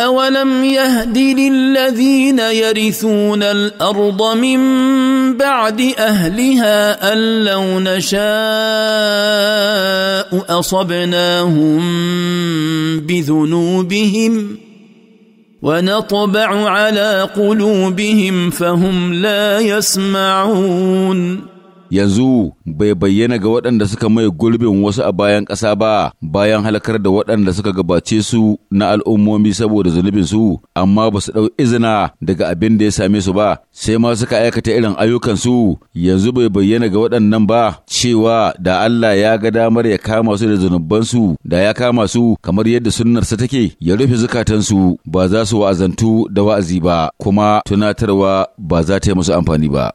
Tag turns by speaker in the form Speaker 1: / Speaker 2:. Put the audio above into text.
Speaker 1: أولم يهد للذين يرثون الأرض من بعد أهلها أن لو نشاء أصبناهم بذنوبهم ونطبع على قلوبهم فهم لا يسمعون
Speaker 2: yanzu bai bayyana ga waɗanda suka mai gurbin wasu a bayan ƙasa ba bayan halakar da waɗanda suka gabace su na al'ummomi saboda zunubin su amma ba su ɗau izina daga abin da ya same su ba sai ma suka aikata irin ayyukan su yanzu bai bayyana ga waɗannan ba cewa da Allah ya ga damar ya kama su da zunubansu da ya kama su kamar yadda sunnarsa take ya rufe zukatan
Speaker 3: su ba za su wa'azantu da wa'azi ba kuma tunatarwa ba za ta yi musu amfani ba